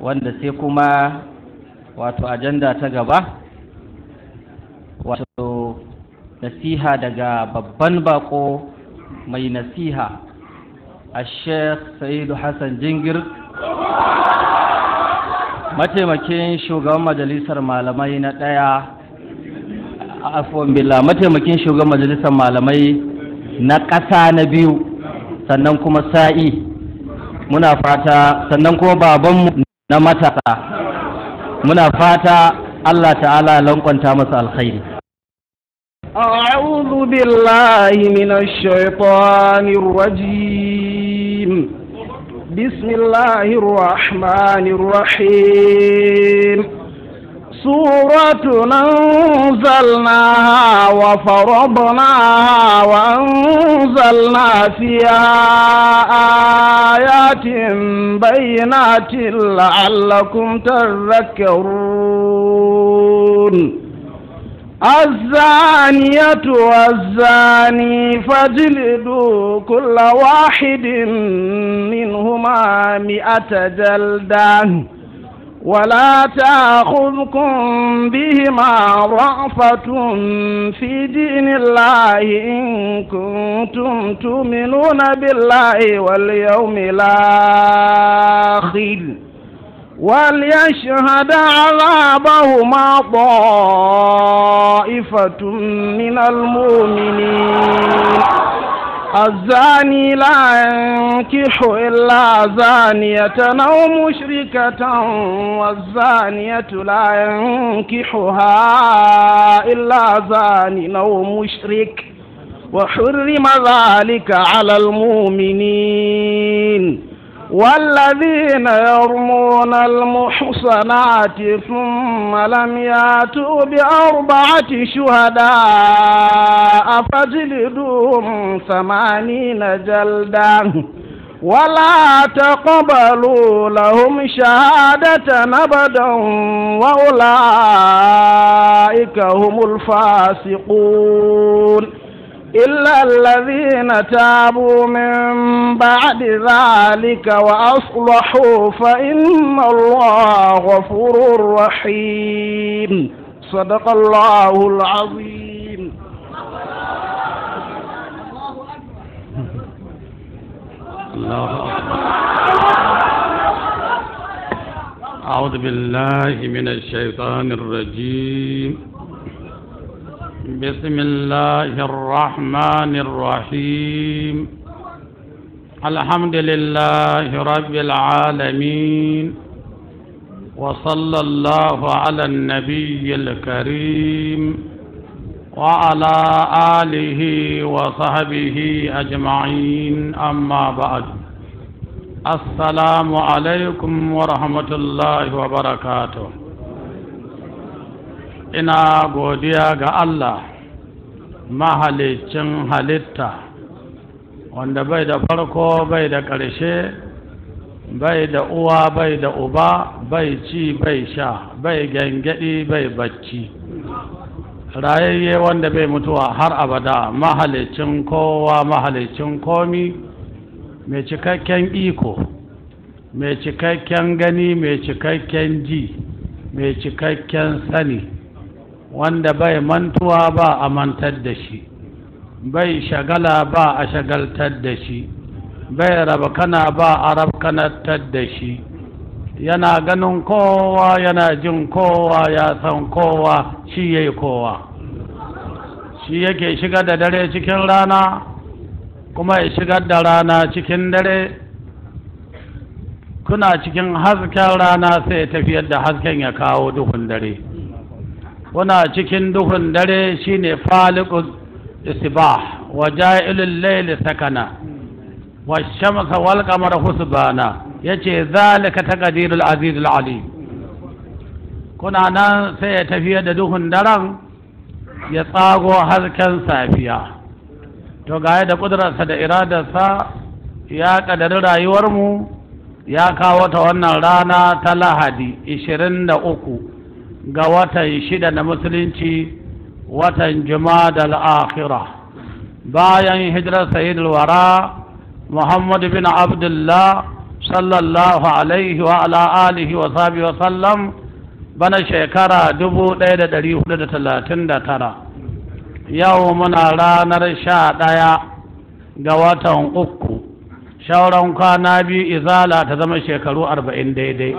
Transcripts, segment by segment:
wanda sai kuma wato ajanda ta gaba wato nasiha daga babban bako mai nasiha a sheikh sa'idu hassan jingir mataimakin shugaban majalisar malamai na ɗaya afon billah mataimakin shugaban majalisar malamai na ƙasa na biyu sannan kuma sa'i muna fata sannan kuma babanmu na matasa muna fata Allah ta'ala lankwanta masu alkhairi أعوذ بالله من الشيطان الرجيم بسم الله الرحمن الرحيم سورة أنزلناها وفرضناها وأنزلنا فيها آيات بينات لعلكم تذكرون الزانية والزاني فاجلدوا كل واحد منهما مئة جلدان ولا تأخذكم بهما رأفة في دين الله إن كنتم تؤمنون بالله واليوم الآخر وليشهد عذابهما طائفة من المؤمنين الزاني لا ينكح إلا زانية أو مشركة والزانية لا ينكحها إلا زاني أو مشرك وحرم ذلك على المؤمنين والذين يرمون المحصنات ثم لم ياتوا بأربعة شهداء فاجلدوهم ثمانين جلدا ولا تقبلوا لهم شهادة أبدا وأولئك هم الفاسقون إلا الذين تابوا من بعد ذلك وأصلحوا فإن الله غفور رحيم صدق الله العظيم الله أعوذ بالله من الشيطان الرجيم بسم الله الرحمن الرحيم الحمد لله رب العالمين وصلى الله على النبي الكريم وعلى آله وصحبه أجمعين أما بعد السلام عليكم ورحمة الله وبركاته ina godiya ga Allah mahalicin halitta wanda bai da farko bai da ƙarshe bai da uwa bai da uba bai ci bai sha bai gangadi bai bacci rayayye wanda bai mutuwa har abada mahalicin kowa mahalicin komi mai cikakken iko mai cikakken gani mai cikakken ji mai cikakken sani wanda bai mantuwa ba a mantar da shi bai shagala ba a shagaltar da shi bai rabkana ba a rabkanatar da shi yana ganin kowa yana jin kowa ya san kowa shi ya yi kowa shi yake shiga da dare cikin rana kuma ya shigar da rana cikin dare kuna cikin hasken rana sai tafiyar da hasken ya kawo duhun dare kuna cikin duhun dare shine faliqul isbah wa ja'ilul layli sakana wa shamsa wal qamara husbana yace zalika taqdirul azizul alim kuna nan sai ya tafiya da duhun daren ya tsago hasken safiya to gaya da kudurarsa da iradarsa ya kadari rayuwarmu ya kawo ta wannan rana ta lahadi 23 ga watan shida na musulunci watan jumada al'akira, bayan hijirar sayid wara muhammad bin abdullah sallallahu alaihi wa ala alihi wa sabi wa sallam bana shekara dubu ɗaya da hudu da talatin da tara yau muna ranar sha ɗaya ga watan uku shauran kwana biyu izala ta zama shekaru arba'in daidai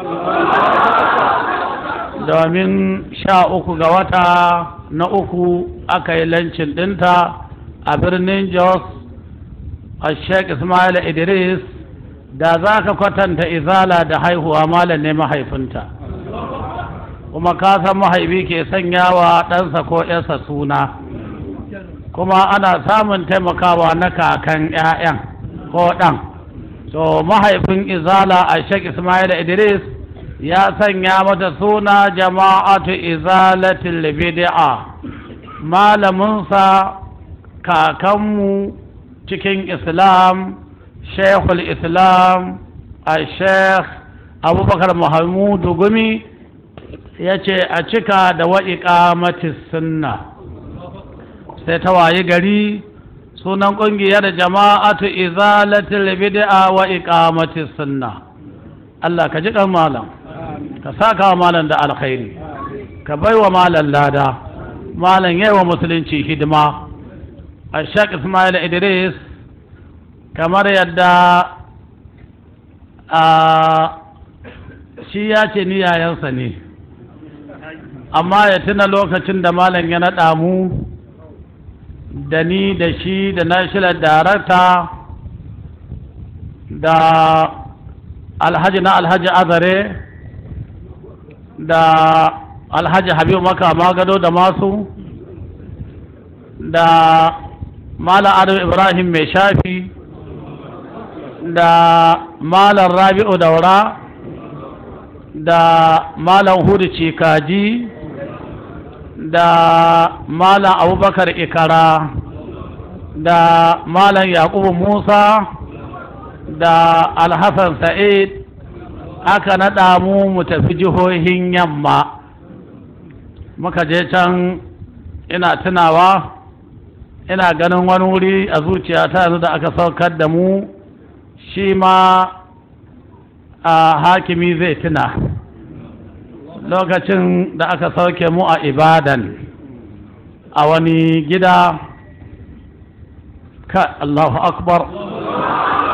domin sha uku ga wata na uku aka yi lancin ɗinta a birnin jos a sheik ismail idris da za ka kwatanta izala da haihuwa malam ne mahaifinta kuma ka san mahaifi ke sanyawa ɗansa ko ‘yarsa suna kuma ana samun taimakawa na kakan ‘ya'yan ko ɗan so mahaifin izala a sheik ismail idris ya sanya mata suna jama'atu izalatul bid'a malaminsa kakanmu cikin islam shekul islam a sheikh abubakar muhammadu gumi ya ce a cika da wa'iƙamati sunna sai ta wayi gari sunan ƙungiyar jama'atu izalatul bid'a wa iqamati sunna Allah ka ji malam ka saka malam da alkhairi ka baiwa malam lada malam yayi wa musulunci hidima a shaƙ ismail idris kamar yadda a shi ya ce ni yayansa ne amma ya tuna lokacin da malam ya naɗa mu da ni da shi da national director da alhaji na alhaji azare da alhaji habibu maka magado da masu da malam adam ibrahim mai shafi da malam rabi'u daura da malam hudu cikaji da malam abubakar ikara da malam yakubu musa da alhassan sa'id aka naɗa mu mu tafi jihohin yamma muka je can ina tunawa ina ganin wani wuri a zuciyata yanzu da aka saukar da mu shi ma a hakimi zai tuna lokacin da aka sauke mu a ibadan a wani gida ka allahu akbar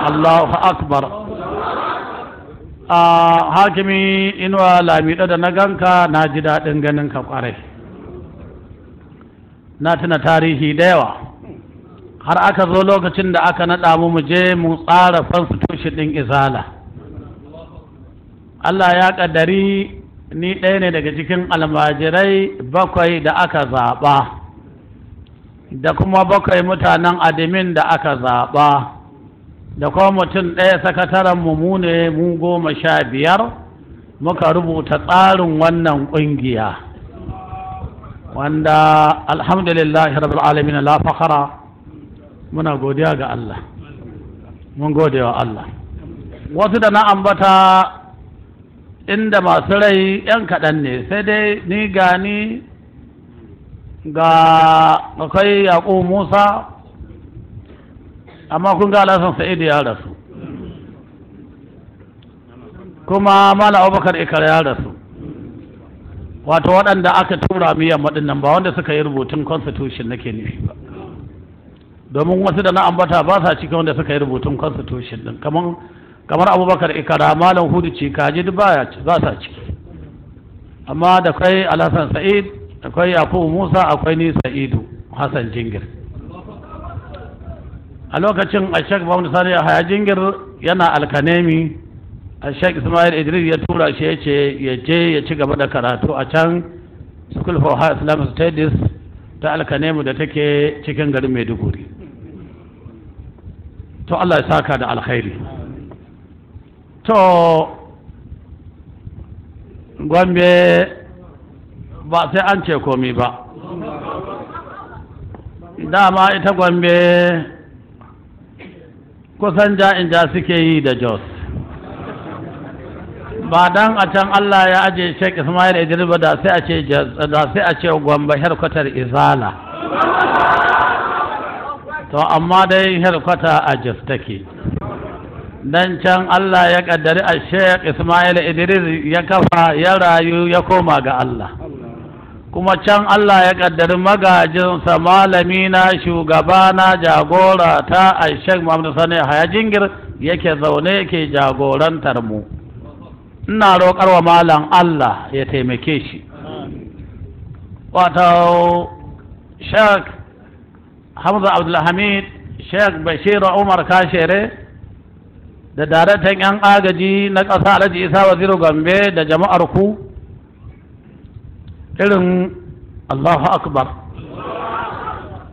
allahu akbar a hakimi inuwa lamida da na ganka na ji daɗin ganin ka kwarai na tuna tarihi da yawa har aka zo lokacin da aka naɗa mu mu je mu tsara fansutoshi ɗin izala Allah ya ƙaddari ni ɗaya ne daga cikin almajirai bakwai da aka zaɓa da kuma bakwai mutanen adimin da aka zaɓa da kuma mutum ɗaya sakataren mu ne mu goma sha biyar muka rubuta tsarin wannan ƙungiya wanda alhamdulillah rabbil alamin la fakhara muna godiya ga Allah mun gode wa Allah wasu da na ambata inda masu rai 'yan kaɗan ne sai dai ni gani ga akwai yaƙo musa amma kun ga alasan sa'id ya rasu kuma mala abubakar ikar ya rasu wato waɗanda aka tura miyan waɗannan ba wanda suka yi rubutun constitution nake nufi ba domin wasu da na ambata ba sa cikin wanda suka yi rubutun constitution ɗin kamar kamar abubakar ikara malam hudu ce kaji duk ba sa ciki amma da kai alhassan sa'id akwai yakubu musa akwai ni sa'idu hassan jingir a lokacin a shek ba sani a hayajingir yana alkanemi a shek ismail idris ya tura shi ya ce ya je ya ci gaba da karatu a can school for high islam studies ta alkanemi da take cikin garin maiduguri to allah ya saka da alkhairi to gombe ba sai an ce komi ba dama ita gombe kusan in ja suke yi da jos ba dan a can Allah ya aje Sheikh Ismail Idris ba da sai a ce da sai a ce gwamba herkwatar izala to amma dai herkwata a jos take dan can Allah ya kaddari a Sheikh Ismail Idris ya kafa ya rayu ya koma ga Allah kuma can Allah ya kaddari magajinsa malamina shugabana shugaba na jagora ta aishek Muhammadu Sani haya yake zaune yake jagorantar mu ina roƙar wa malam Allah ya taimake shi wato shek Hamza Abdulhamid shek Bashir Umar Kashere da daraktan 'yan agaji na ƙasa Alhaji Isa Waziru Gambe da jama'ar ku irin Allahu akbar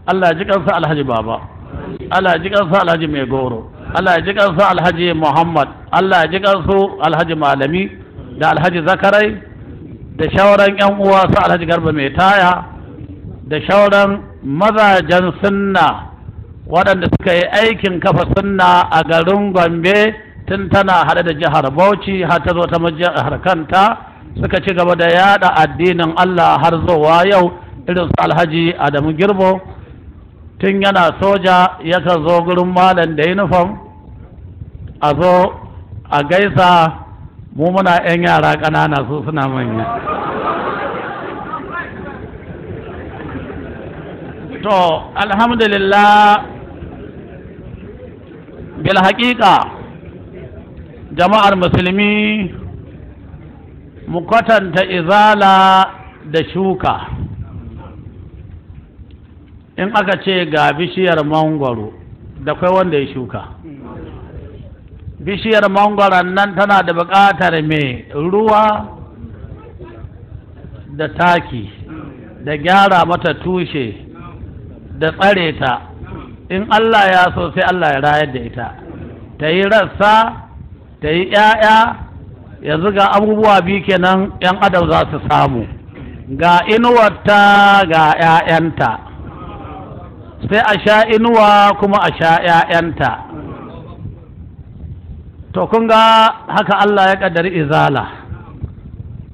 Allah ji kansa alhaji baba Allah ji kansa alhaji mai goro Allah ji kansa alhaji Muhammad Allah ji kansu alhaji malami da alhaji zakarai da shawaran yan uwa su alhaji garba mai taya da shawaran mazajen sunna waɗanda suka yi aikin kafa sunna a garin gombe tun tana haɗe da jihar bauchi har ta zo ta jihar kanta suka ci gaba da yada addinin Allah har zuwa yau irin su alhaji Adamu Girbo tun yana soja yakan zo gurin malam da uniform a zo a gaisa mu muna 'yan yara ƙanana su suna manya to alhamdulillah bil haƙiƙa jama'ar musulmi mu kwatanta izala da shuka in aka ce ga bishiyar mangwaro da kai wanda ya shuka bishiyar mangwaron nan tana da buƙatar mai ruwa da taki da gyara mata tushe da tsare ta in Allah ya so sai Allah ya rayar da ita ta yi rassa ta yi ‘ya'ya yanzu ga abubuwa biyu kenan 'yan adam za su samu ga inuwarta ga 'ya'yanta sai a sha inuwa kuma a sha 'ya'yanta to kun ga haka Allah ya ƙaddari izala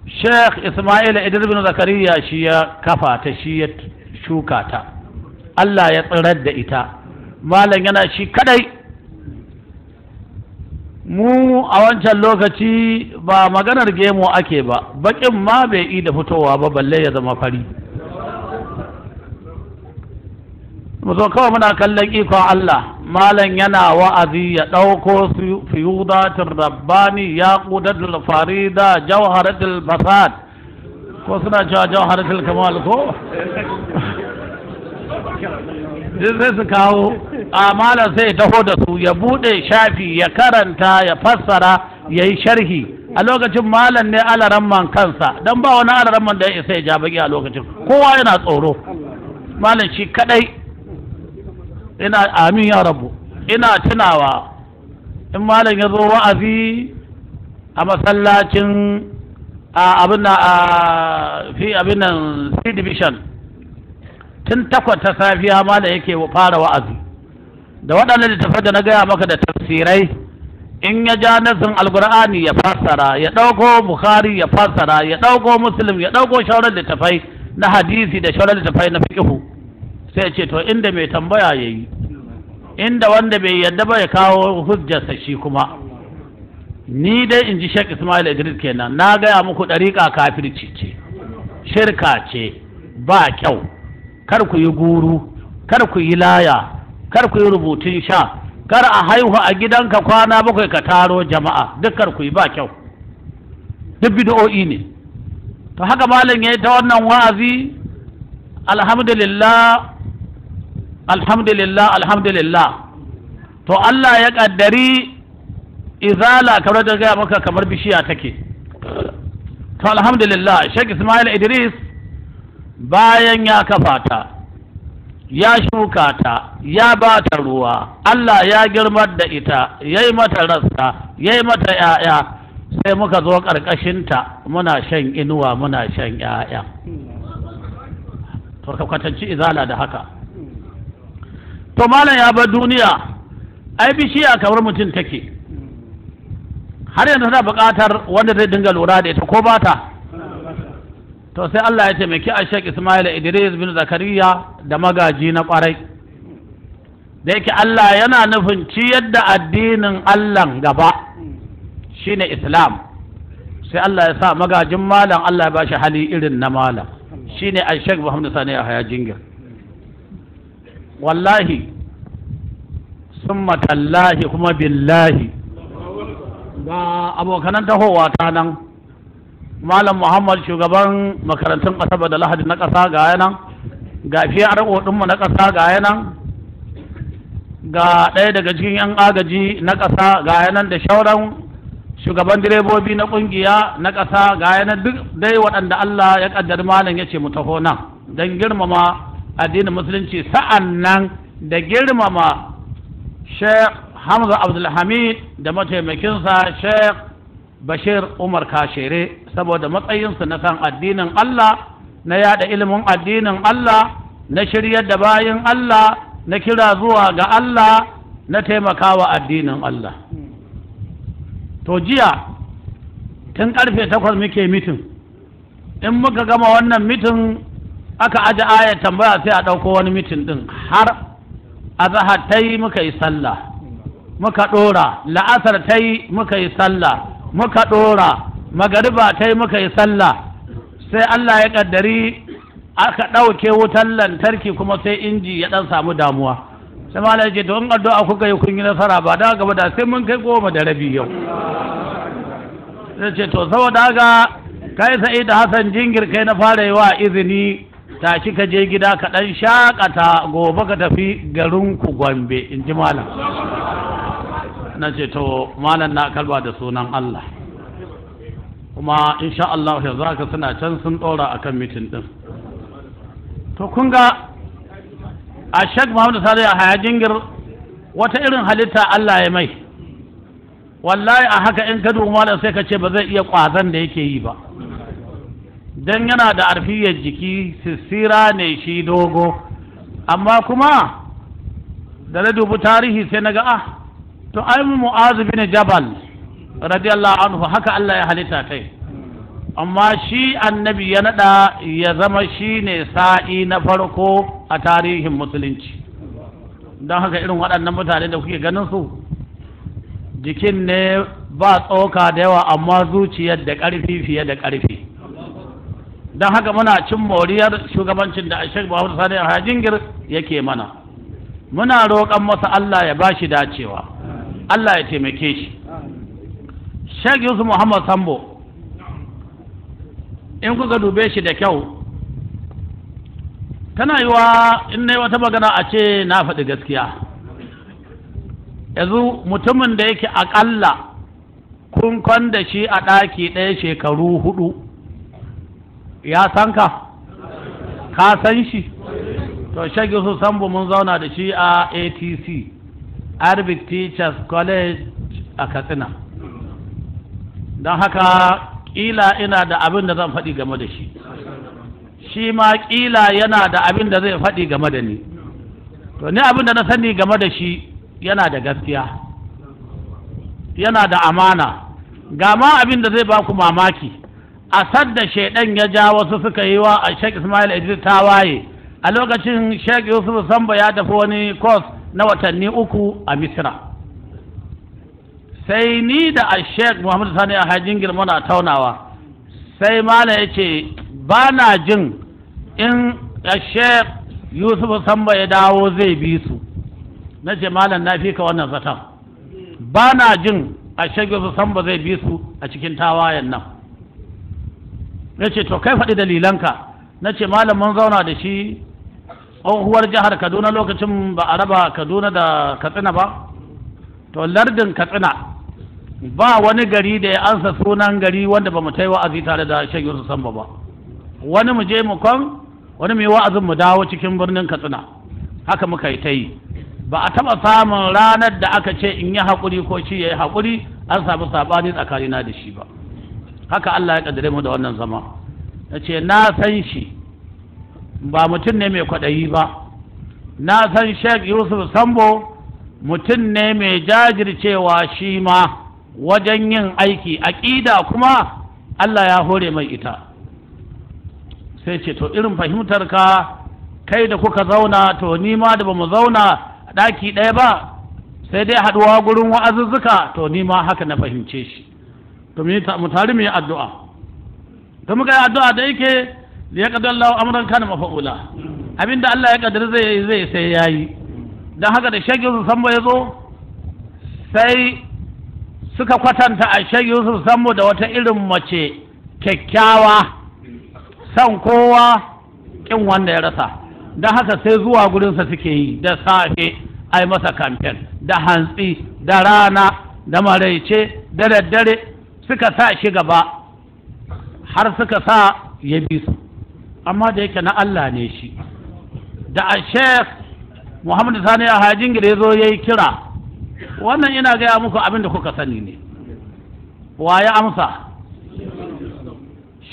sheikh ismail idris bin zakariya shi ya kafa ta shi ya shuka ta Allah ya tsirar da ita malam yana shi kadai mu a wancan lokaci ba maganar gemu ake ba bakin ma bai yi da fitowa ba balle ya zama fari muso kawai muna kallon ikon Allah malam yana wa'azi ya ɗauko fiyudatin rabbani ya ƙudatul farida jawharatul fasad ko suna cewa jawharatul kamal ko duk su kawo a amala sai taho da su ya buɗe shafi ya karanta ya fassara ya yi sharhi a lokacin malam ne alaramman kansa don ba wani alaramman da ya isa ya ja baki a lokacin kowa yana tsoro malam shi kadai ina amin ya rabu ina tunawa in malam ya zo wa'azi a masallacin abin a fi abin nan c division tun takwas ta safiya ma malam yake fara wa'azi da waɗannan littafai da na gaya maka da tafsirai in ya ja nasin alkur'ani ya fassara ya ɗauko bukhari ya fassara ya ɗauko muslim ya ɗauko shauran littafai na hadisi da shauran littafai na fiƙihu sai ce to inda mai tambaya ya yi inda wanda bai yadda ba ya kawo hujjarsa shi kuma ni dai in ji shek ismail idris kenan na gaya muku ɗariƙa kafirci ce shirka ce ba kyau kar ku yi guru kar ku yi laya kar ku yi rubutun sha kar a haihu a gidanka kwana bakwai ka taro jama'a duk kar ku yi ba kyau duk bid'o'i ne to haka malam ya yi ta wannan wa'azi alhamdulillah alhamdulillah alhamdulillah to Allah ya kaddari izala kamar da gaya maka kamar bishiya take to alhamdulillah Sheikh Ismail Idris bayan ya kafa ta ya shuka ta ya ba ta ruwa Allah ya girmar da ita ya yi mata rassa ya yi mata ‘ya'ya sai muka zo ƙarƙashinta muna shan inuwa muna shan ‘ya'ya to kwatanci izala da haka to malam ya bar duniya ai bishiya kamar mutum take har yanzu tana buƙatar wanda zai dinga lura da ita ko ba ta to sai Allah ya taimaki a Sheikh Ismail Idris bin Zakariya da magaji na kwarai da yake Allah yana nufin ciyar da addinin Allah gaba shine Islam sai Allah ya sa magajin malam Allah ya ba shi hali irin na malam shine a Sheikh Muhammad Sani a haya jingir wallahi summa tallahi kuma billahi ga abokanan tahowa ta nan malam muhammad shugaban makarantun asabar da lahadi na ƙasa ga yanan ga fiyar ɗinmu na ƙasa ga yanan ga ɗaya daga cikin 'yan agaji na ƙasa ga yanan da shauran shugaban direbobi na ƙungiya na ƙasa ga yanan duk dai waɗanda allah ya ƙaddar malam ya ce mu taho nan don girmama addinin musulunci sa'an nan da girmama sheikh hamza abdulhamid da mataimakinsa sheikh bashir umar kashere saboda matsayinsu na kan addinin allah na yada ilimin addinin allah na shiryar da bayin allah na kira zuwa ga allah na taimakawa addinin allah to jiya tun karfe takwas muke mitin in muka gama wannan mitin aka aji ayar tambaya sai a ɗauko wani mitin ɗin har azahar ta yi muka yi sallah muka ɗora la'asar ta yi muka yi sallah muka ɗora magariba ta yi muka yi sallah sai Allah ya ƙaddari aka ɗauke wutan lantarki kuma sai inji ya ɗan samu damuwa sai malam ce to in addu'a kuka yi kun yi nasara ba da gaba da sai mun kai goma da rabi yau sai ce to saboda haka kai sa'ida hassan jingir kai na fara yi wa izini tashi ka je gida ka ɗan shaƙata gobe ka tafi garin ku gombe in ji malam na ce to malam na kalba da sunan Allah kuma insha Allah ya zaka suna can sun ɗora a kan mitin ɗin to kun ga a shek muhammadu sale a haya jingir wata irin halitta Allah ya mai wallahi a haka in ka duk malam sai ka ce ba zai iya kwazan da yake yi ba dan yana da arfiyar jiki sisira ne shi dogo amma kuma da na dubu tarihi sai na ga ah to ai mu'azu bin jabal radiyallahu anhu haka Allah ya halitta kai amma shi annabi ya nada ya zama shi ne sa'i na farko a tarihin musulunci don haka irin waɗannan mutane da kuke ganin su jikin ne ba tsoka da yawa amma zuciyar da ƙarfi fiye da ƙarfi don haka muna cin moriyar shugabancin da ashek bahadur sani a hajingir yake mana muna roƙon masa allah ya ba shi dacewa Allah ya taimake shi Sheikh Yusuf Muhammad Sambo in kuka dube shi da kyau tana yi wa in na wata magana a ce na faɗi gaskiya yanzu mutumin da yake aƙalla kun da shi a ɗaki ɗaya shekaru hudu ya san ka ka san shi to shagi su sambo mun zauna da shi a atc arabic teachers college a katsina don haka ƙila ina da abin da zan faɗi game da shi shi ma ƙila yana da abin da zai faɗi game da ni to ni abin da na sani game da shi yana da gaskiya yana da amana ga ma abin da zai ba ku mamaki a sadda shaidan ya ja wasu suka yi wa a shek ismail ta tawaye a lokacin shek yusuf samba ya tafi wani kos na watanni uku a misira sai ni da ashek muhammadu sani a hajjin na taunawa sai mala ya ce ba na jin in ashek yusuf samba ya dawo zai bi su na ce malam na fi ka wannan zaton ba na jin ashek yusuf samba zai bi su a cikin tawayen nan ya ce to kai faɗi dalilanka na ce malam mun zauna da shi tsohuwar jihar kaduna lokacin ba a raba kaduna da katsina ba to lardin katsina ba wani gari da ya ansa sunan gari wanda ba mu ta yi wa'azi tare da shan yusuf samba ba wani mu je mu kwan wani mai wa'azin mu dawo cikin birnin katsina haka muka yi ta yi ba a taɓa samun ranar da aka ce in yi haƙuri ko shi ya yi haƙuri an samu saɓani tsakanina da shi ba haka allah ya ƙaddare mu da wannan zama Na ce na san shi ba mutum ne mai kwaɗayi ba na san sheikh yusuf sambo mutum ne mai jajircewa shi ma wajen yin aiki aƙida kuma allah ya hore mai ita sai ce to irin fahimtar ka kai da kuka zauna to ni ma da bamu zauna a ɗaki ɗaya ba sai dai haɗuwa gurin wa'azuzzuka to ni ma haka na fahimce shi to mu mu yi addu'a to muka yi addu'a da yake li yaqdar Allahu amran kana mafa'ula abinda Allah ya kaddara zai zai sai ya yi. Don haka da shagin sambo zo sai suka kwatanta a shagin sambo da wata irin mace kyakkyawa san kowa kin wanda ya rasa Don haka sai zuwa gurinsa suke yi da safe ai masa kamfen da hantsi da rana da maraice da daddare suka sa shi gaba har suka sa ya bi su amma da yake na Allah ne shi da a sheikh muhammadu sani a hajin gida ya zo ya yi kira wannan ina gaya muku abin da kuka sani ne wa ya amsa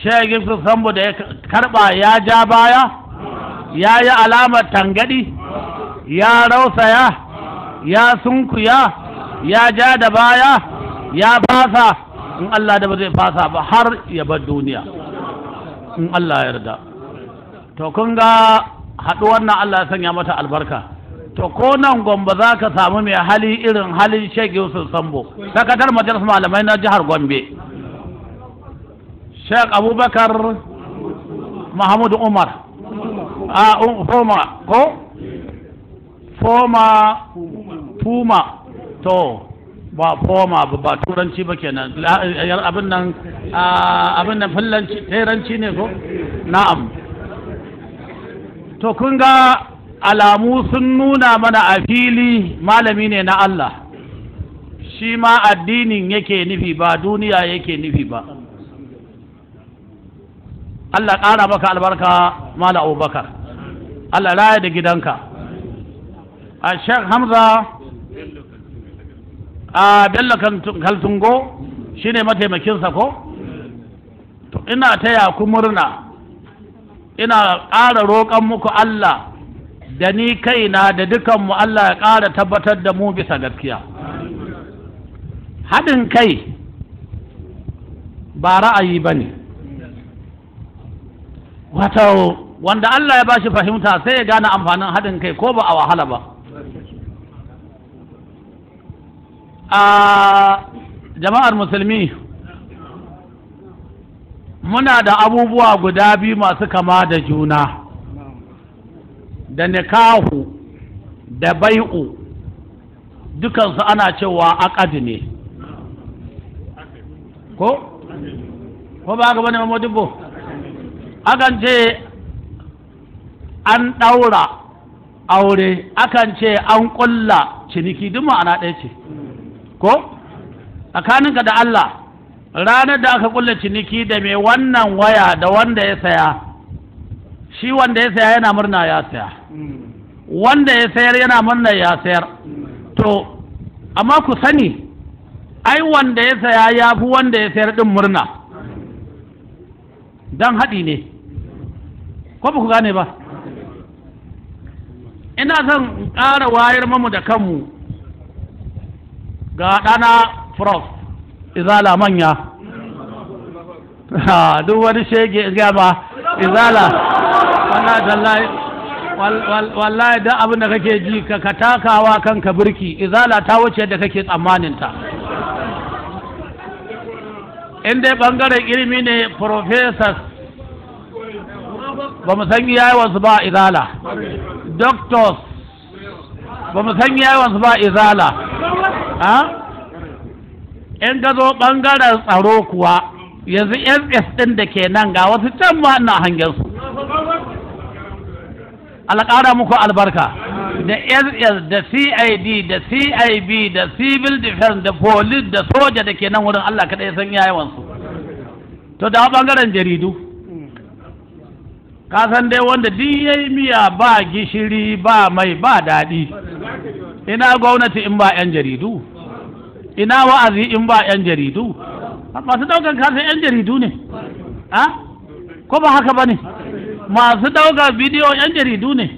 shegin su sambo da ya karba ya ja baya ya yi alamar tangadi ya rausaya ya sunkuya ya ja da baya ya fasa in Allah da ba zai fasa ba har ya bar duniya in Allah ya yarda to kun ga haɗu wannan Allah ya sanya mata albarka to ko nan gombe za ka samu mai hali irin halin Sheikh Yusuf Sambo sakatar majalisar malamai na jihar Gombe Sheikh Abubakar Mahmud Umar a um, Foma ko Foma Puma to ba foma ba turanci ba kenan abin nan abin nan ne ko na'am to kun ga alamu sun nuna mana a fili malami ne na Allah shi ma addinin yake nufi ba duniya yake nufi ba Allah ƙara maka albarka mala abubakar Allah raya da gidanka a shek hamza a bello kaltungo shi ne mataimakinsa ko ina taya ku murna ina ƙara roƙon muku Allah da ni kaina da dukanmu Allah ya ƙara tabbatar da mu bisa gaskiya haɗin kai ba ra'ayi ba ne wato wanda Allah ya ba shi fahimta sai ya gane amfanin haɗin kai ko ba a wahala ba a ah, jama'ar musulmi muna da abubuwa guda biyu masu kama da juna da nikahu da bai'u dukansu ana cewa akadi ne ko? ko ba gaba ne mamodibbo akan ce an ɗaura aure akan ce an ƙulla ciniki duk ma'ana ɗaya ce ko? tsakaninka da Allah ranar da aka kulle ciniki da mai wannan waya da wanda ya saya shi wanda ya saya yana murna ya saya wanda ya sayar yana murna ya sayar to amma ku sani ai wanda ya saya ya fi wanda ya sayar din murna don haɗi ne ko ba ku gane ba ina son ƙara wayar mamu da kanmu ga ɗana prof izala manya duk wani shege gama izala wallahi tallahi wallahi da abin da kake ji ka ka takawa kanka birki izala ta wuce da kake tsammaninta. ta in dai bangaren ilimi ne professors ba mu san wasu ba izala doctors ba mu san wasu ba izala ha in gazo ɓangaren tsaro kuwa yanzu ss ɗin da ke nan ga wasu can ma na su alƙara muku albarka da ss da cid da cib da civil defense da police da soja da ke nan wurin allah kaɗai san yawansu to da ɓangaren jaridu kasan dai wanda duk yayi miya ba gishiri ba mai ba daɗi ina gwamnati in ba 'yan jaridu ina wa'azi in ba 'yan jaridu masu ɗaukar kasa 'yan jaridu ne a ko ba haka ba ne masu ɗaukar bidiyo 'yan jaridu ne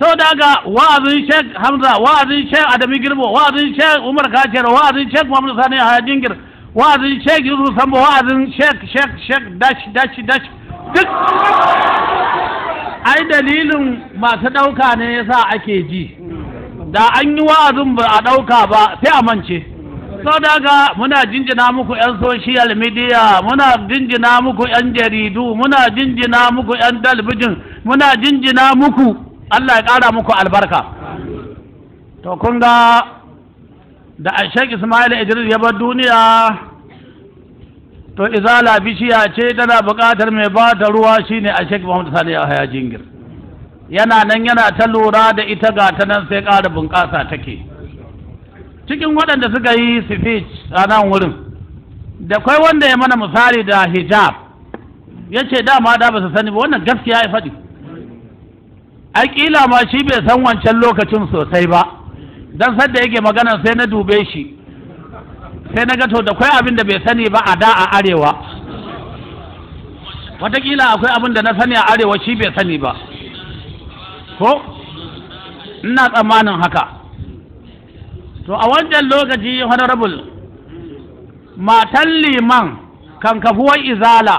sau da ga wa'azin sheik hamza wa'azin sheik adami girbo wa'azin sheik umar kaciyar wa'azin sheik muhammadu sani a jingir wa'azin sheik yusuf sambo wa'azin sheik sheik sheik dash dash dash duk ai dalilin masu ɗauka ne yasa ake ji da an yi wa'azin ba a ɗauka ba sai a mance So daga muna jinjina muku 'yan social media muna jinjina muku 'yan jaridu muna jinjina muku 'yan dalbijin muna jinjina muku allah ya ƙara muku albarka to kun ga da Sheikh ismail idris ya bar duniya to izala bishiya ce tana buƙatar mai ba ta ruwa shine Sheikh muhammad sani ya haya jingir yana nan yana ta lura da ita ga ta nan sai ƙara bunƙasa take cikin waɗanda suka yi speech a nan wurin da kai wanda ya mana misali da hijab ya ce dama da ba su sani ba wannan gaskiya ya faɗi ƙila ma shi bai san wancan lokacin sosai ba don sadda yake magana sai na dube shi sai na gato da kwai abin da bai sani ba a da a arewa Wataƙila akwai abin da na sani a arewa shi bai sani ba ko ina tsammanin haka to a wancan lokaci honorable matan liman kankafuwar izala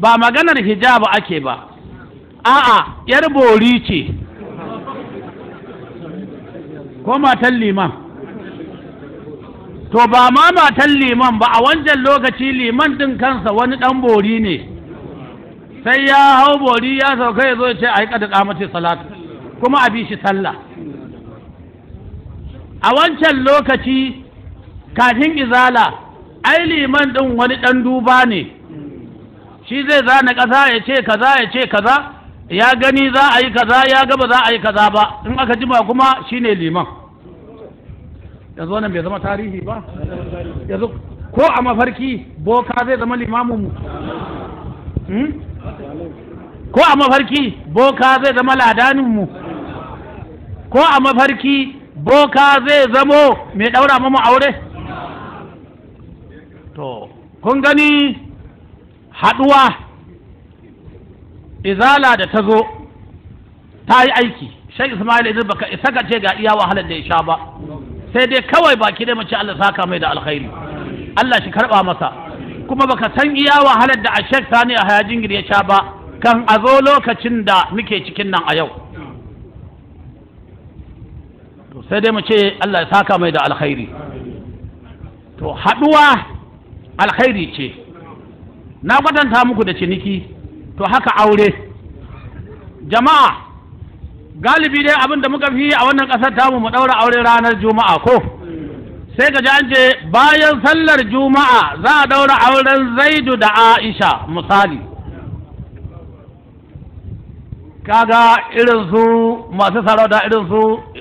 ba maganar hijab ake ba a'a yar bori ce ko matan liman to ba ma matan liman ba a wancan lokaci liman ɗin kansa wani ɗan bori ne sai ya hau bori ya sauka ya zo ya ce a yi ce salatu kuma a bi shi sallah a wancan lokaci kafin izala ai liman ɗin wani ɗan duba ne shi zai zana ƙasa ya ce kaza ya ce kaza ya gani za a yi kaza ya gaba za a yi kaza ba in aka jima kuma shine liman yanzu wannan bai zama tarihi ba yanzu ko a mafarki boka zai zama mu? Hmm? ko a mafarki boka zai zama ladaninmu ko a mafarki boka zai zamo mai ɗaura mamu aure to kun gani haɗuwa izala da ta zo ta yi aiki Sheikh ismail idris baka isa ka ce ga iya wahalar da ya sha ba sai dai kawai baki dai mace Allah saka mai da alkhairi Allah shi karɓa masa kuma baka san iya wahalar da a ashek sani a hayajin ya sha ba kan a zo lokacin da muke cikin nan a yau sai dai mu ce Allah ya saka mai da alkhairi to haɗuwa alkhairi ce na kwatanta muku da ciniki to haka aure jama'a galibi dai abin da muka fi a wannan ƙasar tamu mu ɗaura aure ranar juma'a ko sai ga ji an ce bayan sallar juma'a za a ɗaura auren zaidu da aisha misali kaga irin su masu sarauta irin su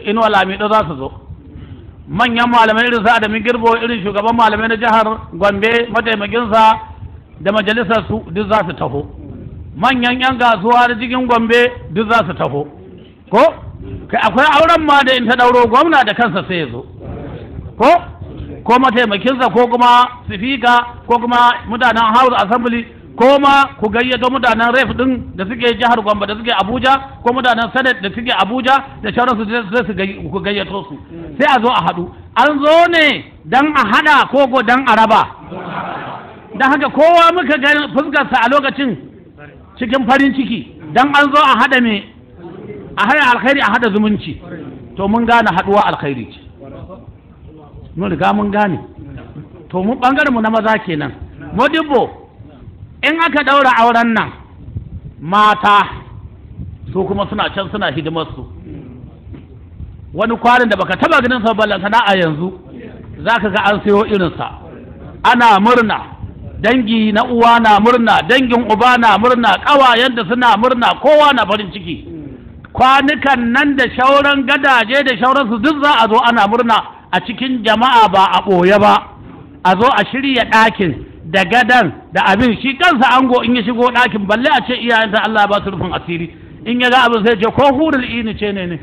inuwa lamido za su zo manyan malamai irin su adamin girbo irin shugaban malamai na jihar gombe mataimakinsa da majalisar su duk za su taho manyan yan gasuwa da cikin gombe duk za su taho ko kai akwai auren ma da in ta dauro gwamna da kansa sai ya zo ko ko mataimakinsa ko kuma sifika ko kuma mutanen house assembly ko ma ku gayyato mutanen ref din da suke jihar Gombe da suke Abuja ko mutanen sanet da suke Abuja da sauransu sai su ku gayyato su sai a zo a haɗu an zo ne dan a haɗa koko dan a raba dan haka kowa muka ga fuskarsa a lokacin cikin farin ciki dan an zo a haɗa me a haɗa alkhairi a haɗa zumunci to mun gane haɗuwa alkhairi ce mun riga mun gane to mun ɓangaren mu na maza kenan modibbo in aka ɗaura auren nan mata su kuma suna can suna hidimarsu wani kwarin da baka taba ganin sa ballan sana'a yanzu za ka ga an sayo irinsa ana murna dangi na uwa na murna dangin uba na murna ƙawayen da suna murna kowa na farin ciki kwanukan nan da shauran gadaje da shauransu duk za a zo ana murna a cikin jama'a ba a ɓoye ba a zo a shirya ɗakin da gadan da abin shi kansa ango in ya shigo ɗakin balle a ce iyayen ta Allah ba su rufin asiri in ya ga abin sai ce ko hurul ini ce ne ne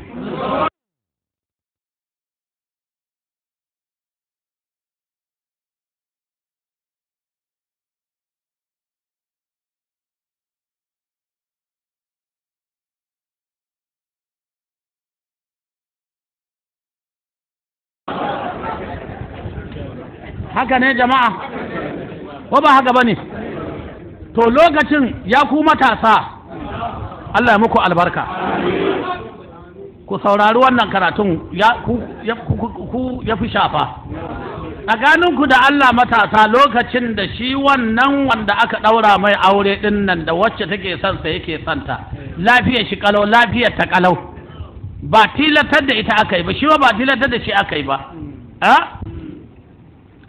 haka ne jama'a ko ba haka bane to lokacin ya ku matasa Allah ya muku albarka ku saurari wannan karatun ya fi shafa ku da Allah matasa lokacin da shi wannan wanda aka ɗaura mai aure ɗin nan da wacce take son sa yake santa lafiyar shi kalau lafiyar ta kalau ba tilatar da ita aka yi ba shi ba ba tilatar da shi aka yi ba ah?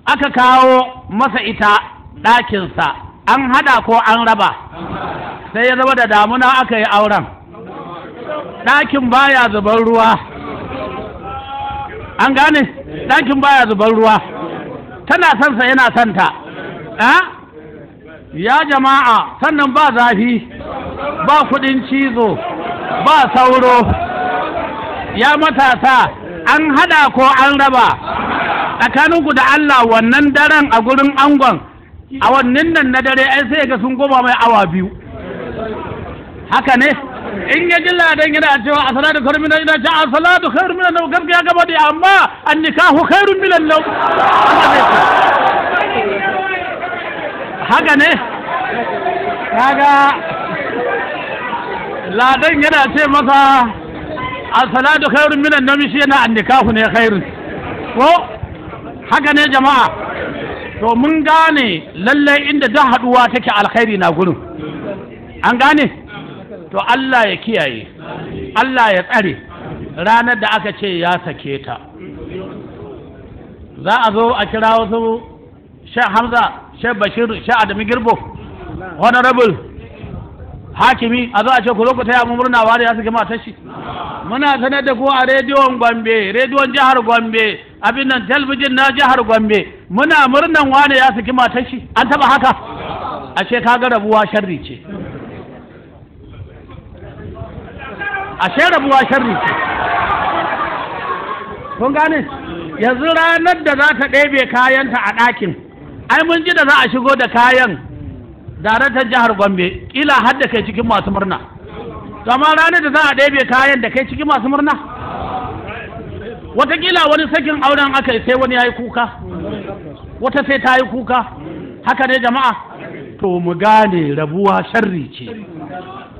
aka kawo masa ita ɗakinsa an haɗa ko an raba sai ya zama da damuna aka yi auren ɗakin baya zuban ruwa an gane ɗakin baya zubar ruwa tana sansa yana santa ya jama'a sannan ba zafi ba kuɗin cizo ba sauro ya matasa an haɗa ko an raba tsakaninku da Allah wannan daren a gurin angon a wannan nan na dare ai sai ga sun goma mai awa biyu haka ne in ya ji ladan yana cewa a salatu khairun minan ina ce a salatu khairun minan nau gaskiya gaba da amma an nikahu khairu minan nau haka ne kaga ladan yana ce masa a salatu khairun minan namishi yana an nikahu ne khairu ko haka ne jama'a to mun gane lallai inda don haɗuwa take alkhairi na gurin an gane to Allah ya kiyaye Allah ya tsare ranar da aka ce ya sake ta za a zo a kira wasu shan hamza shan bashir shan adamu girbo honorable hakimi a za a ce ku zo ku taya mu murna wa ya saki matar shi muna sanar da ku a rediyon gombe rediyon jihar gombe abin nan talbijin na jihar gombe muna murnan wani ya saki matar shi an taba haka a ce ka ga rabuwa sharri ce ce rabuwa sharri ce kun gane yanzu ranar da za ta ɗebe kayanta a ɗakin ai mun ji da za a shigo da kayan daraktan jihar gombe kila har da kai cikin masu murna amma ranar da za a ɗebe kayan da kai cikin masu murna watakila wani sakin auren aka sai wani ya yi kuka wata sai ta yi kuka haka ne jama'a to mu gane rabuwa sharri ce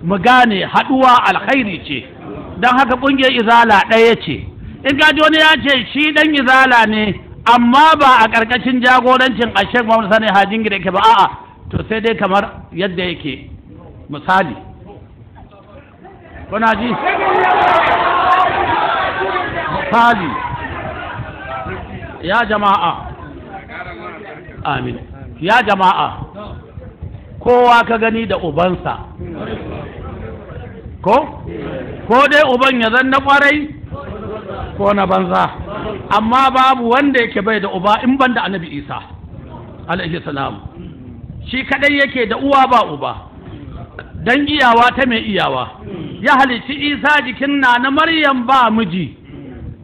mu gane haɗuwa alkhairi ce don haka ƙungiyar izala ɗaya ce in ji wani ya ce shi dan izala ne amma ba a ƙarƙashin jagorancin ashek muhammad sani hajin gida ke ba a'a to sai dai kamar yadda yake misali kuna ji misali ya jama'a amin ya jama'a kowa ka gani da ubansa ko ko dai uban ya zan na kwarai ko na banza amma babu wanda yake bai da uba in ban da annabi isa alaihi salam shi kadai yake da uwa ba uba dan iyawa ta mai iyawa ya halici isa jikin na na maryam ba miji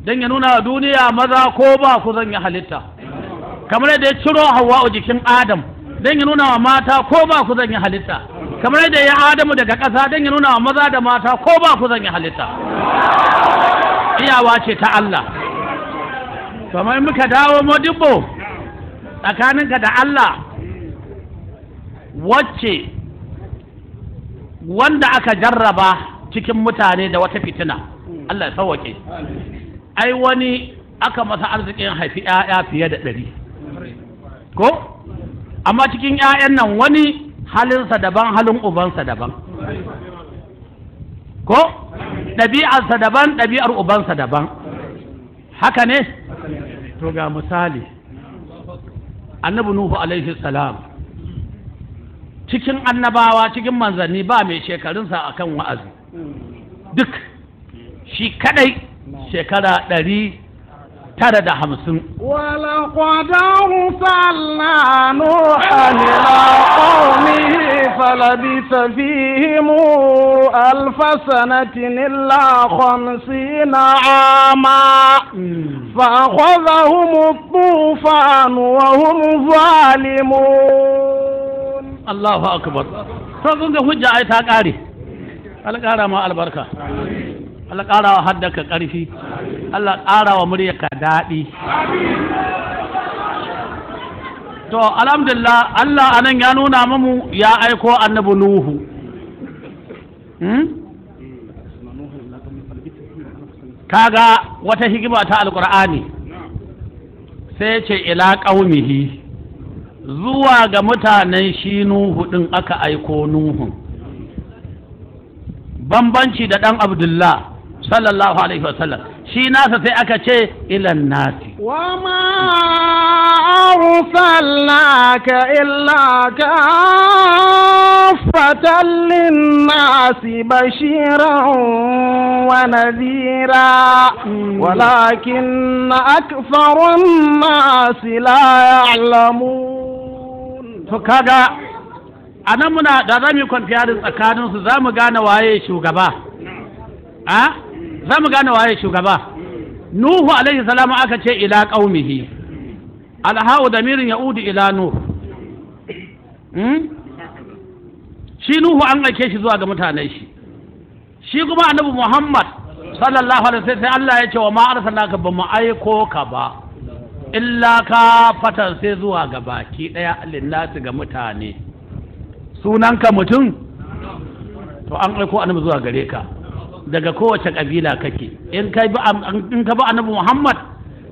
dan ya nuna duniya maza ko ba ku zan ya halitta kamar yadda ya ciro hawa jikin adam dan ya nuna wa mata ko ba ku zan ya halitta kamar yadda ya adamu daga ƙasa dan ya nuna wa maza da mata ko ba ku zan ya halitta iyawa ce ta Allah kamar muka dawo modibbo tsakaninka da Allah wacce wanda aka jarraba cikin mutane da wata fitina Allah ya sauwake ai wani aka masa arzikin haifi 'ya'ya fiye da ɗari ko amma cikin 'ya'yan nan wani halinsa daban halin ubansa daban ko ɗabi'arsa daban ɗabi'ar ubansa daban haka ne to ga misali annabi nuhu alaihi salam cikin annabawa cikin manzanni ba mai shekarunsa a kan wa'azi duk shi kadai shekara ɗari tara da hamsin wala sallanu salla nuhan ila qaumihi falabisa fihim alf tinilla, kwamsi na ama فأخذهم hmm. wa Allahu akbar to kun ga hujja ai ta kare Allah kara ma albarka Allah kara wa haddaka karfi Allah kara wa muryarka daɗi to alhamdulillah Allah anan ya nuna mamu ya aiko annabi Nuhu hmm? kaga wata hikima ta alqur'ani sai ce ila qaumihi zuwa ga mutanen shi nuhu ɗin aka aiko nuhun bambanci da ɗan abdullah sallallahu alaihi wasallam shi nasa sai aka ce ilan nasi wa ma arsalnaka illa kafatan linnasi bashiran wa nadhira hmm. walakin akthara an-nasi la ya'lamun to kaga a nan muna da za mu yi kwamfiyarin tsakaninsu za mu gane waye shugaba a za mu gane waye shugaba nuhu alaihi salamu aka ce ila qaumihi mirin ya udu ila nuhu hmm? shi nuhu an aike shi zuwa ga mutanen shi shi kuma annabi muhammad sallallahu alaihi wasallam sai Allah ya ce wa ma arsalnaka ba mu aiko ka ba illa ka fatar sai zuwa ga baki ɗaya linnasi ga mutane sunanka mutum to an aiko annabi zuwa gare ka daga kowace ƙabila kake in ka bi annabi muhammad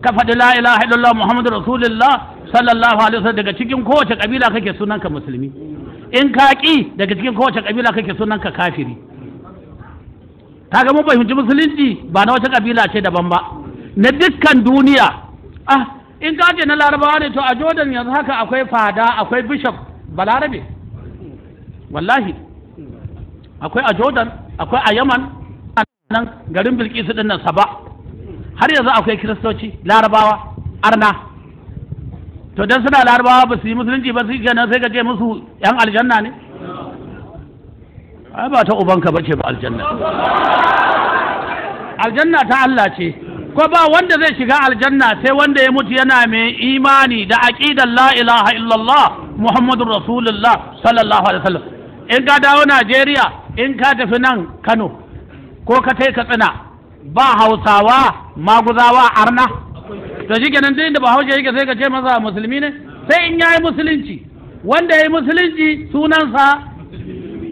ka faɗi la ilaha illallah muhammadu rasulullah sallallahu alaihi wasallam daga cikin kowace ƙabila kake sunanka musulmi in ka ƙi daga cikin kowace ƙabila kake sunanka kafiri kaga mun fahimci musulunci ba na wata ƙabila ce daban ba na dukkan duniya ah in ka ce na larabawa ne to a jordan yanzu haka akwai fada akwai bishop balarabe wallahi akwai a jordan akwai a yaman nan garin bilkisu din nan saba har yanzu akwai kiristoci larabawa arna to dan suna larabawa ba su yi musulunci ba su kenan sai ka ce musu yan aljanna ne ai ba ta ubanka ba ce ba aljanna aljanna ta Allah ce ko ba wanda zai shiga aljanna sai wanda ya mutu yana mai imani da aqidar la ilaha illallah muhammadur rasulullah sallallahu alaihi wasallam in ka dawo najeriya in ka tafi nan kano ko ka kai katsina ba hausawa maguzawa arna to shi kenan duk da Bahaushe yake sai ka ce masa musulmi ne sai in yayi musulunci wanda yayi musulunci sunansa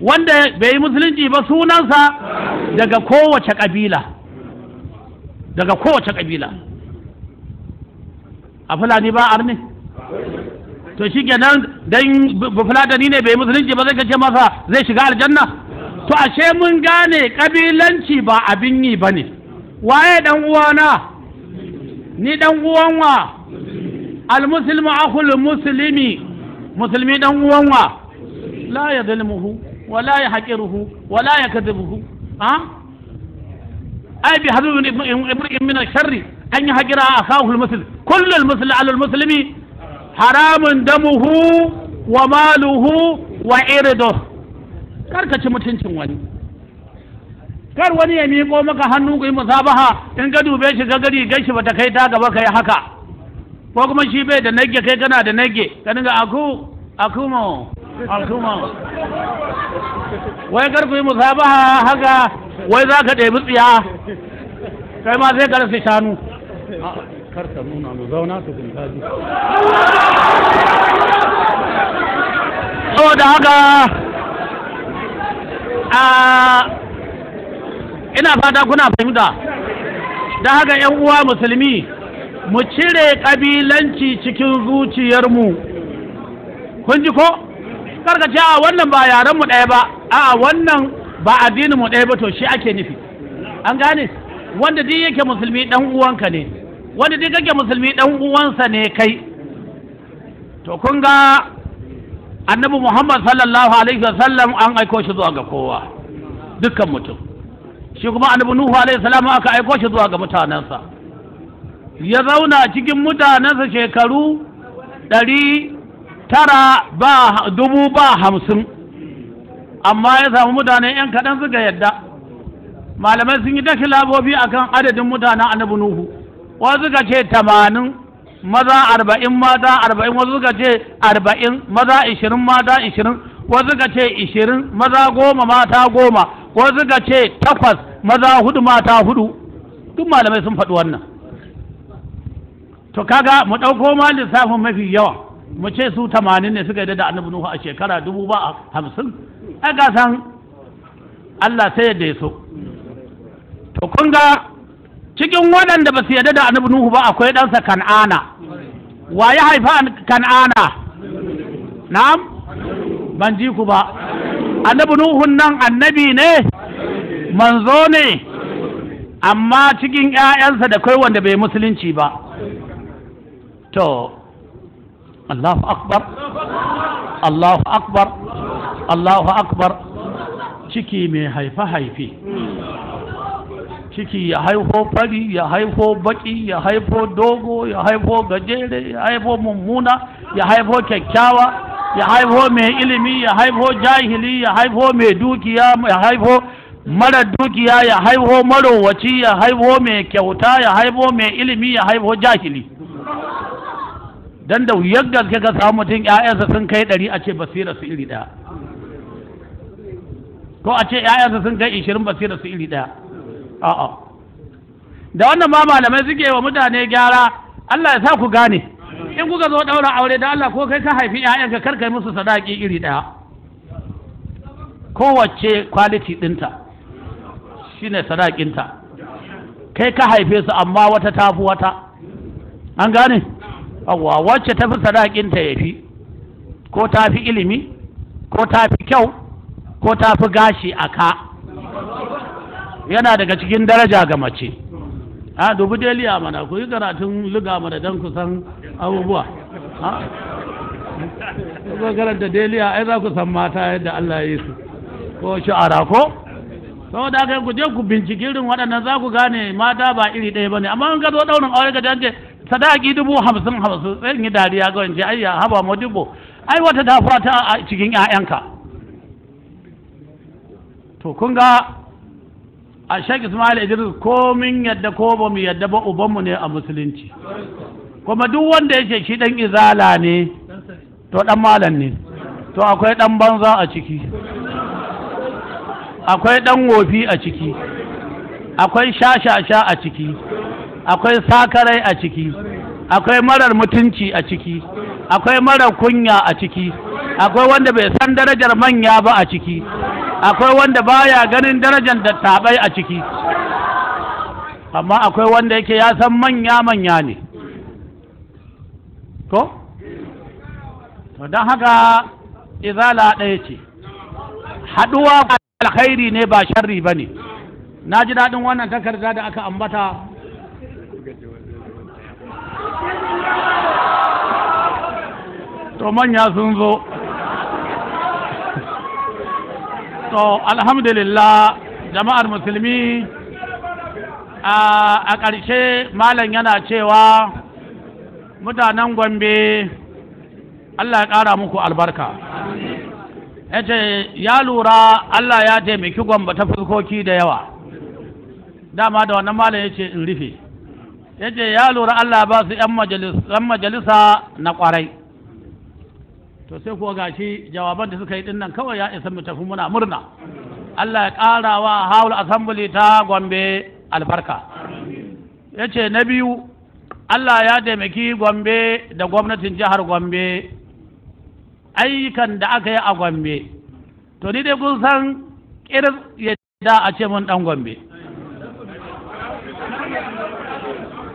wanda bai yi musulunci ba sunansa daga kowace kabila daga kowace kabila a fulani ba arne to shi kenan dan fulani ne bai musulunci ba zai kace masa zai shiga aljanna to ashe mun gane kabilanci ba abin yi ba ne waye dan uwana ni dan uwan wa almuslimu akhul muslimi musulmi dan uwan wa la yadhlimuhu wa la yahqiruhu wa la ha ai bi hazun imrin min sharri an yi hagira a sahul muslim kullul muslim alul muslimi haramun damuhu wa maluhu wa irdo karka ci mutuncin wani kar wani ya miƙo maka hannu ku yi musabaha in ga dube shi ga gari gashi bata kai ta gaba kai haka ko kuma shi bai da nagge kai kana da nagge. ka dinga aku akumo akumo wai kar ku yi musabaha haka wai za ka ɗebi tsiya kai ma sai ka rasa shanu kar ka nuna mu zauna su kun daji ina fata kuna fahimta da haka yan uwa musulmi mu cire ƙabilanci cikin zuciyarmu kun ji ko karkace a wannan ba yaren mu ɗaya ba a wannan ba addinin mu ɗaya ba to shi ake nufi an gane wanda duk yake musulmi dan uwanka ne wanda duk kake musulmi dan uwansa ne kai to kun ga annabi Muhammad sallallahu alaihi wasallam an aiko shi zuwa ga kowa dukkan mutum shi kuma annabi Nuhu alaihi salam aka aiko shi zuwa ga mutanensa ya zauna cikin mutanensa shekaru ɗari tara ba dubu ba hamsin amma ya samu mutane yan kaɗan suka yadda malamai sun yi ta a kan adadin mutanen annabi nuhu wasu suka ce tamanin maza arba'in mata arba'in wasu suka ce arba'in maza ishirin mata ishirin wasu suka ce ishirin maza goma mata goma wasu suka ce takwas maza hudu mata hudu duk malamai sun faɗi wannan to kaga mu ɗauko ma lissafin mafi yawa mu ce su tamanin ne suka yi da annabi nuhu a shekara dubu ba hamsin aka san Allah sai ya so to kun ga cikin waɗanda ba su yarda da annabi nuhu ba akwai ɗansa kan'ana wa ya haifa kan'ana na'am ban ji ku ba annabi nuhu nan annabi ne manzo ne amma cikin 'ya'yansa da kai wanda bai musulunci ba to Allahu akbar Allahu akbar Allahu akbar ciki mai haife-haife ciki ya haifo fari ya haifo baki ya haifo dogo ya haifo gajere ya haifo mummuna ya haifo kyakkyawa ya haifo mai ilimi ya haifo jahili ya haifo mai dukiya ya haifo mara dukiya ya haifo marowaci ya haifo mai kyauta ya haifo mai ilimi ya haifo jahili dan da wuyar gaske ka samu mutum 'ya'yansa sun kai ɗari a ce basira su iri ɗaya ko a ce ‘ya'yansa sun kai ishirin basira su iri ɗaya a'a da wannan ma malamai suke wa mutane gyara Allah ya sa ku gane in kuka zo ɗaura aure da Allah ko kai ka haifi ‘ya'yanka kar kai musu sadaki iri ɗaya kowace kwaliti ɗinta shine sadakinta kai ka haife su amma wata tafi wata an gane wacce tafi sadakinta ya fi ko tafi ilimi ko tafi kyau ko ta fi gashi a ka yana daga cikin daraja ga mace a dubu deliya mana ku yi karatun luga mana don ku san abubuwa ku karanta deliya ai za ku san mata yadda Allah ya yi su ko sha'ara ko saboda kai ku je ku binciki irin waɗannan za ku gane mata ba iri ɗaya ba ne amma in ka zo ɗaurin aure ka janje sadaki dubu hamsin hamsin sai yi dariya ga wance ai ya haba mu dubu ai wata ta a cikin 'ya'yanka to kun ga a shek ismail idris min yadda ko ba mu yadda ba ubanmu ne a musulunci kuma duk wanda yake shi dan izala ne to dan malam ne to akwai dan banza a ciki akwai dan wofi a ciki akwai shashasha a ciki akwai sakarai a ciki akwai marar mutunci a ciki akwai marar kunya a ciki akwai wanda bai san darajar manya ba a ciki akwai wanda baya ganin darajar dattabai a ciki amma akwai wanda yake ya san manya-manya ne ko? to don haka izala ɗaya ce haɗuwa alkhairi ne ba sharri ba ne na ji daɗin wannan takarda da aka ambata to manya sun zo to alhamdulillah jama'ar musulmi a ƙarshe malam yana cewa mutanen gombe allah ya ƙara muku albarka ya ce ya lura allah ya taimaki gombe ta fuskoki da yawa dama da wannan malam ya ce in rufe ya ce ya lura allah ba su 'yan majalisa na ƙwarai to sai kuwa shi jawaban da suka yi dinnan kawai ya isa mu tafi muna murna Allah ya ƙara wa haul Assembly ta Gombe albarka yace ce na biyu Allah ya taimaki Gombe da gwamnatin jihar Gombe ayyukan da aka yi a Gombe to ni dai kun san kiris yadda a ce mun dan Gombe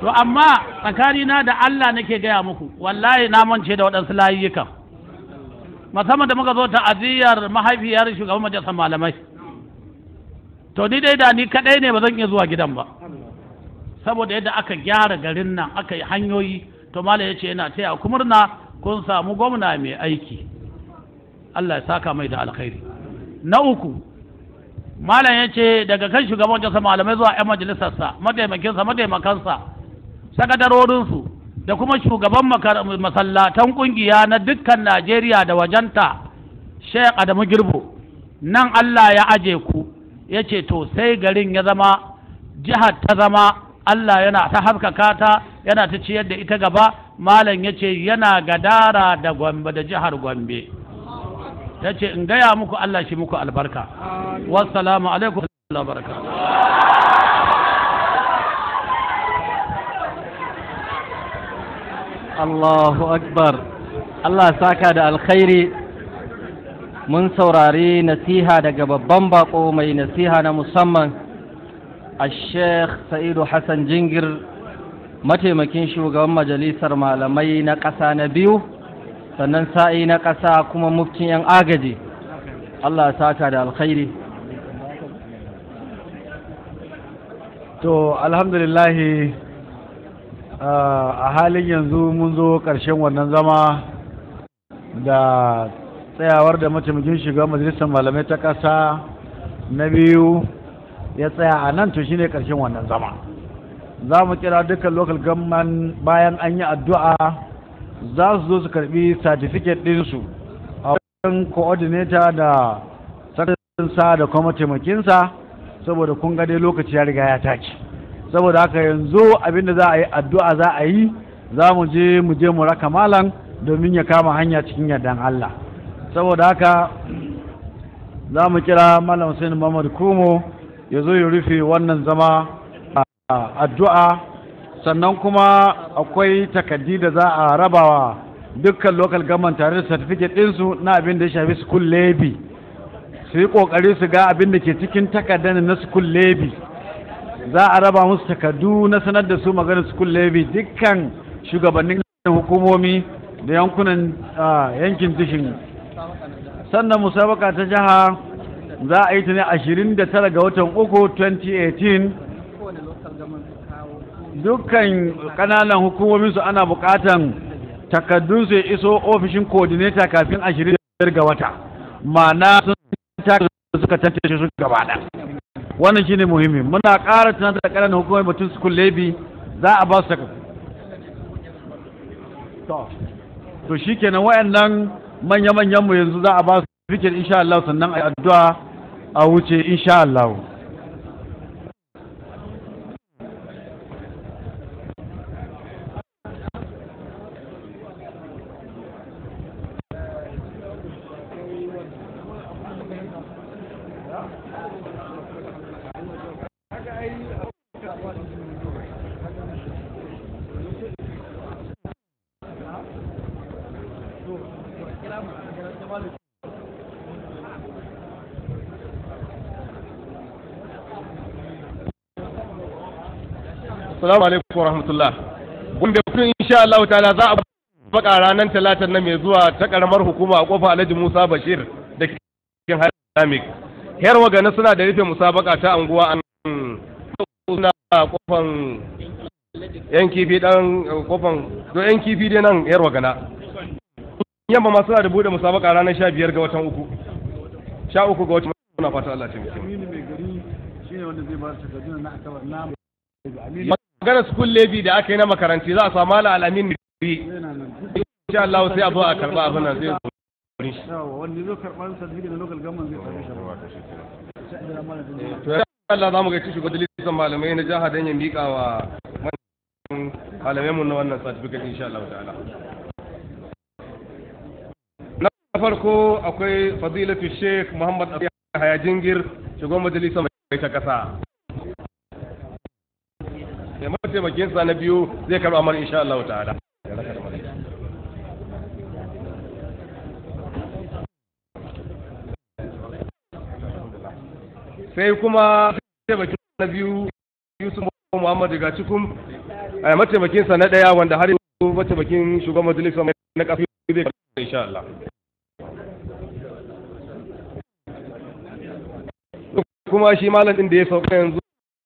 to amma tsakanina da Allah nake gaya muku wallahi na mance da waɗansu layukan musamman da muka zo ta'aziyar mahaifiyar shugaban majalisar malamai to ni dai da ni kadai ne ba zan iya zuwa gidan ba saboda yadda aka gyara garin nan aka yi hanyoyi to malam ya ce yana taya ku murna kun samu gwamna mai aiki Allah ya saka mai da alkhairi na uku malam ya ce daga kan shugaban majalisar malamai zuwa 'yan majalisarsa mataimakinsa mataimakansa sakadarorinsu da kuma shugaban masallatan kungiya na dukkan Najeriya da wajenta Sheikh Adamu Girbo nan Allah ya aje ku yace to sai garin ya zama jihar ta zama Allah yana ta haskaka ta yana ta ciyar da ita gaba malam yace yana gadara da Gombe da jihar Gombe ya ce in gaya muku Allah shi muku albarka wassalamu alaikum wa barakatuh Allahu akbar Allah saka da alkhairi mun saurari nasiha daga babban bako mai nasiha na musamman a sheikh sa'idu hassan jingir mataimakin shugaban majalisar malamai na ƙasa na biyu sannan sa'i na ƙasa kuma muftin 'yan agaji Allah saka da alkhairi to alhamdulillahi a halin yanzu mun zo ƙarshen wannan zama da tsayawar da mataimakin shiga majalisar malamai ta ƙasa na biyu ya tsaya a nan to shine ƙarshen wannan zama za mu kira dukkan lokal government bayan an yi addu'a za su zo su karbi certificate ɗinsu a wajen coordinator da sa da kuma taimakinsa saboda kun ga dai lokaci ya riga ya take saboda haka yanzu abinda za a yi addu'a za a yi za mu je mu je mu raka malam domin ya kama hanya cikin yardan Allah saboda haka za mu kira malam Hussein Muhammad Kumo ya zo ya rufe wannan zama addu'a sannan kuma akwai takaddi da za a rabawa dukkan local government tare da certificate ɗinsu na abin da ya shafi school levy su yi ƙoƙari su ga abin da ke cikin takardar na school levy za a raba musu takardu na sanar da su maganar school levy dukkan shugabannin hukumomi da yankunan yankin tushin sannan musabaka ta jiha za a yi ta ne 29 ga watan uku 2018 dukkan kananan hukumominsu ana bukatan takardun su ya iso ofishin coordinator kafin 25 ga wata ma'ana sun suka tantance su gaba wannan shi ne muhimmi muna ƙara tunatar da ƙananan hukumar batun su kulle za a ba su to shi kenan nan manya manyanmu yanzu za a ba su fikir insha Allah sannan a addu'a a wuce insha Allah assalamu alaikum wa rahmatullah gombe kudin insha Allah ta'ala za a baka ranar talatan na mai zuwa ta karamar hukuma a kofa Alhaji Musa Bashir da cikin Islamic her gani suna da rufe musabaka ta anguwa an suna kofan yan kifi dan kofan to yan kifi dai nan her gana. yamma ma suna da bude musabaka ranar sha biyar ga watan uku sha uku ga watan uku na fata Allah ta mutum. Aminu mai gari shine wanda zai ba su na na maganar school levy da aka yi na makaranti za a samu ala alamin ri insha Allah sai a zo a karba abin nan sai wani zo karban certificate na local government zai karbi shi Allah za mu ga shugaban dalilan malamai na jaha dan ya mika wa malamai mun na wannan certificate insha Allah ta'ala na farko akwai fadilatu Sheikh Muhammad Abdul Hayajingir shugaban majalisar mai ta kasa da mataimakin sa na biyu zai karɓa mana insha Allah ta'ala sai kuma mataimakin na biyu Yusuf Muhammad daga cikin eh, mataimakin sa na daya wanda har yanzu mataimakin shugaban majalisar na kafi zai karɓa insha Allah kuma shi malam din da ya sauka yanzu